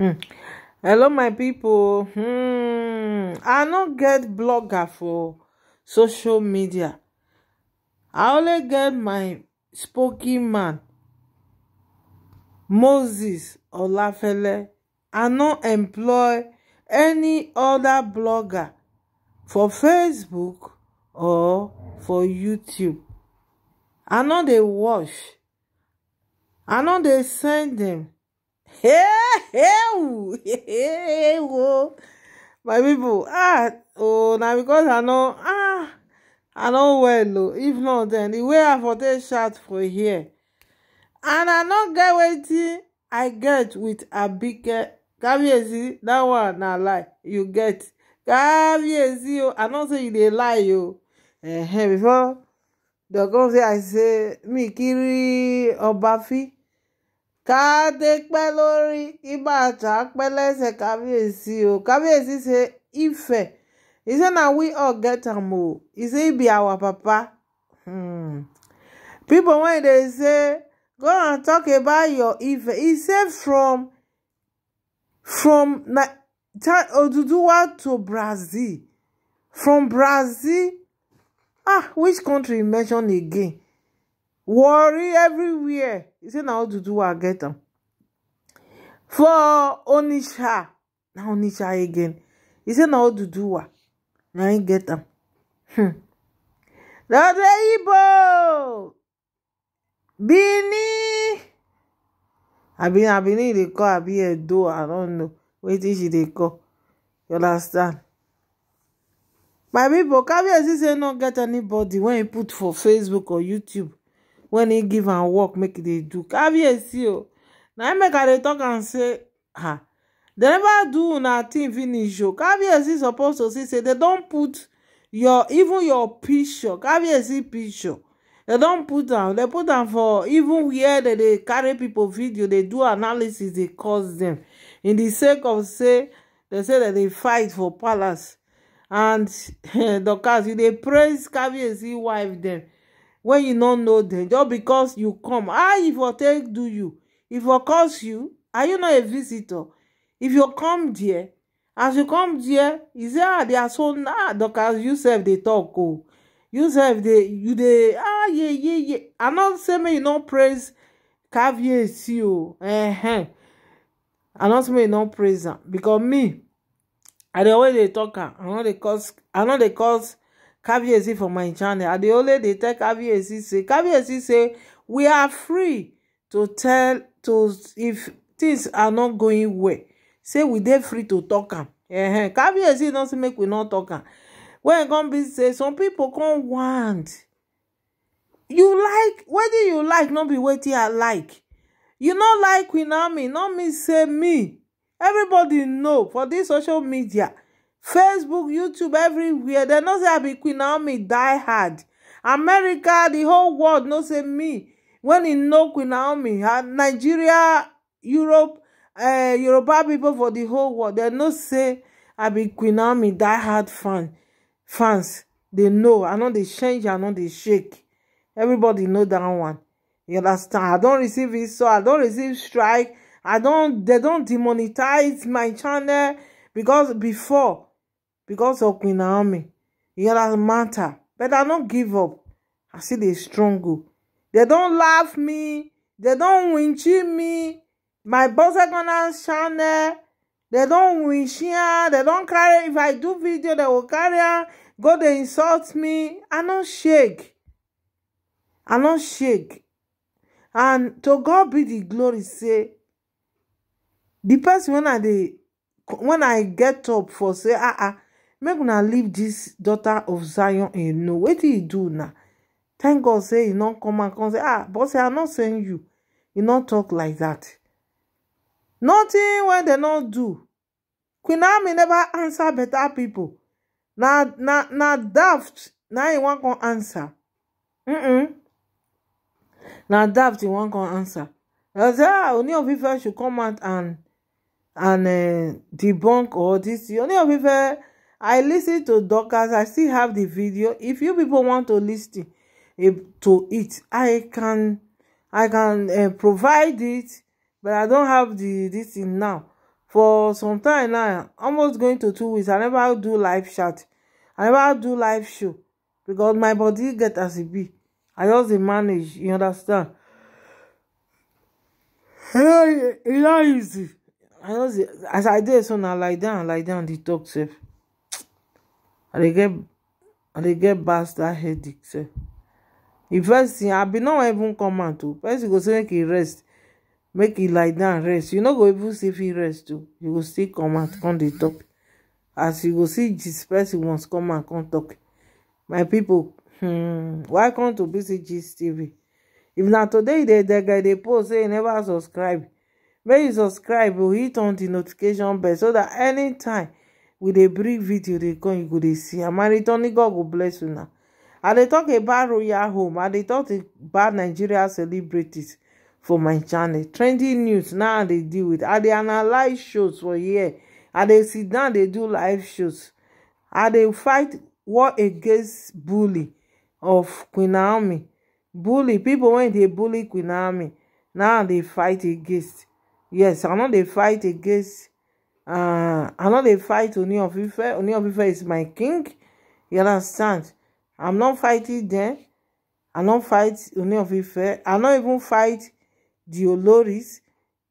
Hmm. hello my people. hmm i no get blogger for social media i only get my spoken man moses olafele i no employ any other blogger for facebook or for youtube i no dey watch i no dey send them. ewu my pipo ah oh na because i no ah i no well o oh, if not then the way i for take shout for here and i no get wetin i get with abike kaviezi that one na lie you get kaviezi o oh, i know say you dey lie o oh. eh before dem come say i say me kiri obafi káádé pẹ́ lórí ìgbà àjà pẹ́ lẹ́sẹ̀ kábíyèsí o kábíyèsí say Ife e say na we all get am o e say e be our papa hmm. pipo wey dey say go and talk about your Ife e say from from na Oduduwa to Brazil from Brazil ah which country you mention again worry everywhere e say na oduduwa get am for onitsha na onitsha again e say na oduduwa na im get am hmm lọdọ igbo benin abi na benin dey call abi edo i don't know wetin she dey call you understand my pipo kabiyesi say no get anybody wen e put for facebook or youtube When he give am work make they dey do caviarcy o Now im make i dey tok am say ha! They never do una thing finish o caviarcy suppose to see say They don put your even your picture caviarcy picture They don put am They put am for even wia dem dey carry people video dey do analysis dey cause them in the sake of say they say dem dey fight for palace and dorcas you dey praise caviarcy wife dem when you no know them, just because you come how ah, if ah, take do you if cause you are you not a visitor if you come there as you come there is there ah, they are so nah because you serve they talk oh. you serve they you dey ah yeah yeah yeah. i no say you no praise caviarcy you. Oh, i no say you no praise because me i the way they talk i know they cause i know cause kabiyesi for my channel i dey only dey tell kabiyesi say kabiyesi say we are free to tell to if things are not going well say we dey free to talk am uh-huh. kabiyesi don say make we no talk am when e come be say some people come want you like wetin you like no be wetin i like you no like queen army no mean say me everybody know for this social media facebook youtube everywhere They know say i be queen naomi die hard america the whole world knows say me When e know queen naomi uh, nigeria europe eh, yoruba people for the whole world They know say i be queen naomi die hard fan fans They know i know they change i know they shake everybody know that one you understand i don't receive so i don't receive strike i don't. They don't demonetize my channel because before because of queen naomi e matter but i don't give up i see they struggle. They don't laugh me They don't winch me my boss are secondance channel They don't winch am dem don carry if i do video They will carry am go dey insult me i don't shake i don't shake and to god be the glory say the person when i dey when i get up for say ah ah make una leave this daughter of zion alone wetin he do na thank god say he no come and come say ah but say i no send you He no talk like that. nothing wey they no do queen army never answer beta pipo na na na daft na he wan come answer mm Now daft he wan come answer I say ah only of ife should come out and and eh, debunk all this. Only oni of ife I listened to Dorcas. I still have the video. If you people want to listen eh, to it, I can I can uh, provide it, but I don't have the this thing now. For some time now, almost going to two weeks, I never do live chat. I never do live show because my body get as it e be. I just manage, you understand? E not easy. I just as I did so now, lie down, lie down detox. talk i dey get i dey get bastard headache sef the first thing i bin no wan even come out o oh. person go say make he rest make e lie down rest you no go even see fit e rest o oh. you go still come out come dey talk as you go see gist person must come out come talk my people, hmm welcome to bc tv if na today you dey guy dey post say you never subscribe make you subscribe o oh. hit on the notification bell so that anytime we dey bring video dey come you go dey see am and returning god go bless una i dey talk about royal home i dey talk about nigeria celebrities for my channel trending news now i dey deal with i dey analyze shows for here i dey sit down dey do live shows i dey fight war against bully of queen naomi bully people wey dey bully queen naomi now i dey fight against yes i no dey fight against Uh, I'm not a fight Oni of Ife. Oni of Ife is my king. You understand? I'm not fighting them. I not fight Oni of Ife. I not even fight the Oloris.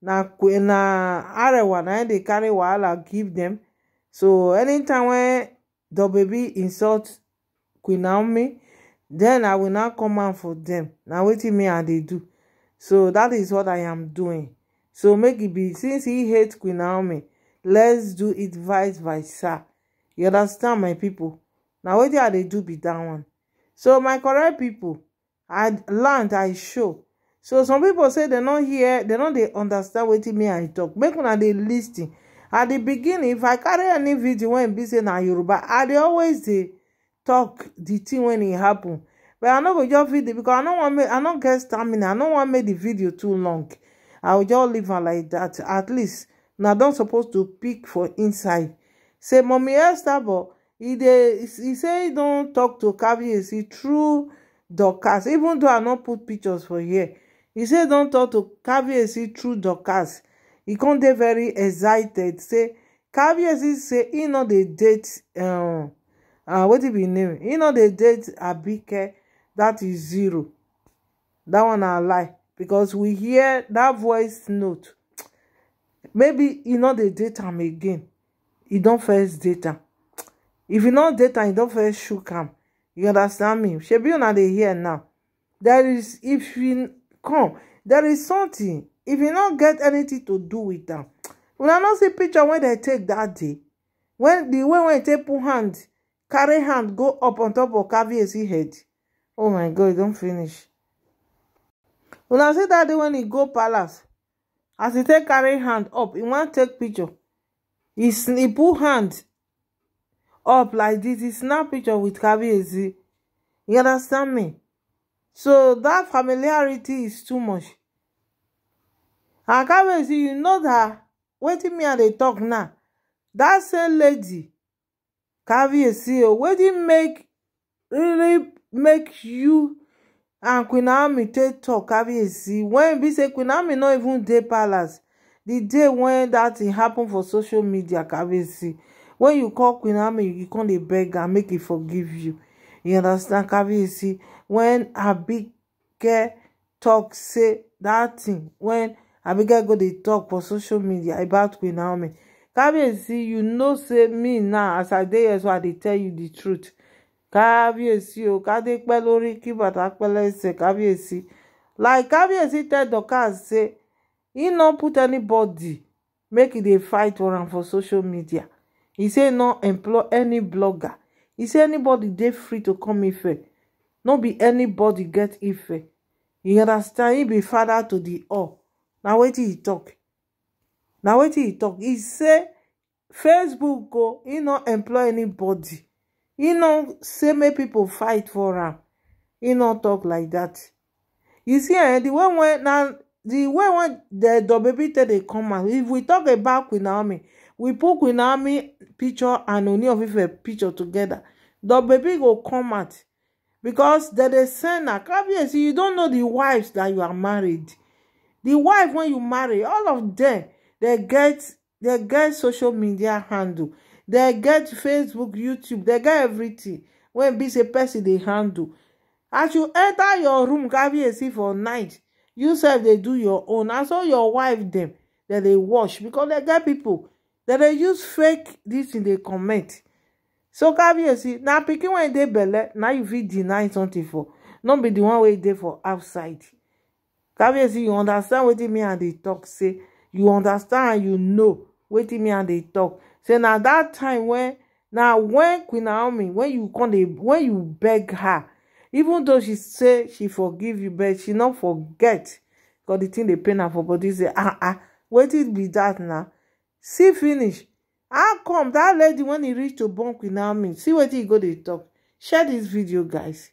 Now, na Arewa they carry while I give them. So anytime when the baby insult Queen Naomi, then I will not come out for them. Now waiting me and they do. So that is what I am doing. So make it be since he hates Queen Naomi let's do it vice versa you understand my people. Now, wetin i dey do be that one so my correct people, i land i show so some people say dem not hear they no they understand wetin me i talk. make one dey the listing. at the beginning if i carry any video when be say na yoruba i dey always dey talk the thing when it e happen but i know go your video because i I no get stamina i no wan make the video too long i will just leave her like that at least na don suppose to pick for inside say mommy but He say he don talk to He through dorcas even though i no put pictures for here He say don talk to He through dorcas He con dey very excited say caviarcy say he no dey date um uh, wetin be name He no dey date abike That is zero That one na lie because we hear that voice note maybe e no dey date am again He don't first date am if e no date am e don first shook am you understand me shebi una they here now there is if you come there is something if you not get anything to do with am una no see picture when dem take that day when the way wey take put hand carry hand go up on top of Kabiyesi head oh my god e Don't finish. finish una see that day when he go palace as he take carry hand up he wan take picture He he put hand up like this. He snap picture with kabiyesi you understand me so that familiarity is too much and kabiyesi you know that? wetin me i dey talk now dat same lady kabiyesi o oh, wetin make really make you and queen naomi take tok see wen be say queen naomi no even dey palace the day wen dat thing happen for social media see wen you call queen naomi you con dey beg am make e forgive you you understand see wen abike talk, say dat thing wen abike go dey talk for social media about queen naomi see you know say me now as i dey here so i dey tell you the truth kábíyèsí o kádé pẹ́ lórí kí bàtà pẹ́ lẹ́sẹ̀ kábíyèsí like kábíyèsí tell dorcas say he no put anybody make e dey fight for am for social media He say no employ any blogger He say anybody dey free to come ife no be anybody get ife you understand he be father to the all na wetin he talk na wetin he talk he say facebook o he no employ anybody You know, say make people fight for him. e no talk like that. you see eh di way wey now, the way wey the WB they come out if we talk about queen naomi we put queen naomi picture and only of a picture together, the baby go come out because dem dey send her you don't know the wives that you are married The wife when you marry all of them they get they get social media handle dem get facebook youtube dem get everything wey be say pesin dey handle as you enta your room for night you sef dey do your own and so your wife dem dem dey watch becos dem get pipo dem dey use fake dis to dey comment so na pikin wey dey belle na you fit deny something for not no be the one wey dey for outside. you understand wetin me mean as i dey talk say you understand and you know wetin me mean as i dey talk. say na that time when na when queen naomi when you come dey when you beg her even though she say she forgive you but she no forget because the thing dey pain am for body say ah ah wetin be that na see finish how come that lady when e reach to born queen naomi see wetin e go dey talk share this video guys